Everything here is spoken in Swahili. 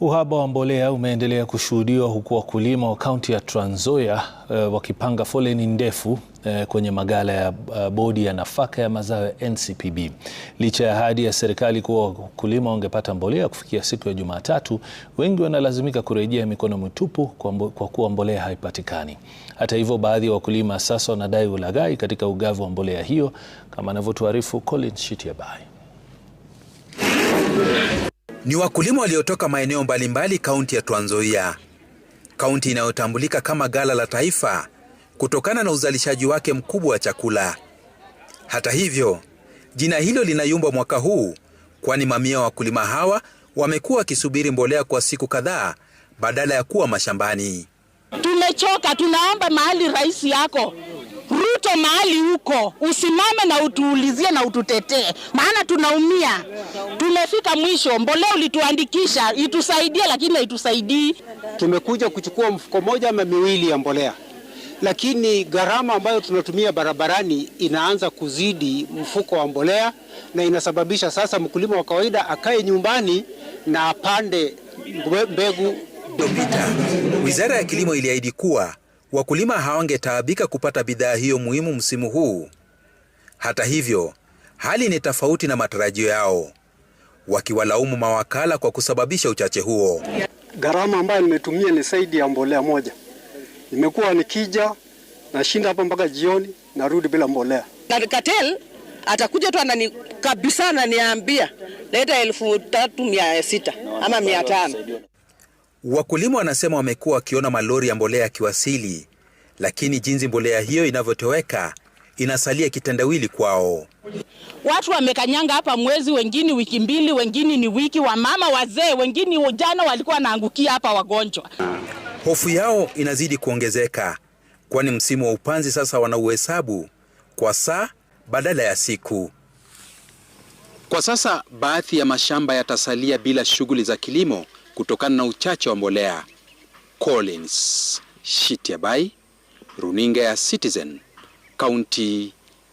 Uhaba wa mbolea umeendelea kushuhudiwa huku wakulima wa kaunti ya Trans Nzoia uh, wakipanga foleni ndefu uh, kwenye magala ya uh, bodi ya nafaka ya mazao ya NCPB. Licha ya ahadi ya serikali kuwa wakulima wangepata mbolea kufikia siku ya Jumatatu, wengi wanalazimika kurejea mikono mitupu kwa, mbo, kwa kuwa mbolea haipatikani. Hata hivyo, baadhi ya wakulima sasa wanadai ulaghai katika ugavi wa mbolea hiyo, kama anavyotuarifu lin Shitiabai ni wakulima waliotoka maeneo mbalimbali kaunti ya Trans Nzoia, kaunti inayotambulika kama gala la taifa kutokana na uzalishaji wake mkubwa wa chakula. Hata hivyo, jina hilo linayumba mwaka huu, kwani mamia wa wakulima hawa wamekuwa wakisubiri mbolea kwa siku kadhaa badala ya kuwa mashambani. Tumechoka, tunaomba mahali rais yako Ruto mahali huko usimame na utuulizie na ututetee, maana tunaumia. Tumefika mwisho. Mbolea ulituandikisha itusaidie, lakini haitusaidii. Tumekuja kuchukua mfuko moja ama miwili ya mbolea, lakini gharama ambayo tunatumia barabarani inaanza kuzidi mfuko wa mbolea, na inasababisha sasa mkulima wa kawaida akae nyumbani na apande mbegu. Dr. Wizara ya Kilimo iliahidi kuwa wakulima hawangetaabika kupata bidhaa hiyo muhimu msimu huu. Hata hivyo, hali ni tofauti na matarajio yao, wakiwalaumu mawakala kwa kusababisha uchache huo. Gharama ambayo nimetumia ni zaidi ya mbolea moja. Nimekuwa nikija nashinda hapa mpaka jioni, narudi bila mbolea. Katel atakuja tu anani kabisa ananiambia leta elfu tatu mia sita ama mia tano Wakulima wanasema wamekuwa wakiona malori ya mbolea yakiwasili, lakini jinsi mbolea hiyo inavyotoweka inasalia kitendawili kwao. Watu wamekanyanga hapa mwezi, wengine wiki mbili, wengine ni wiki, wamama, wazee, wengine jana walikuwa wanaangukia hapa wagonjwa. Hofu yao inazidi kuongezeka, kwani msimu wa upanzi sasa wanauhesabu kwa saa badala ya siku. Kwa sasa baadhi ya mashamba yatasalia bila shughuli za kilimo kutokana na uchache wa mbolea. Collins Shitiabai, runinga ya Citizen, kaunti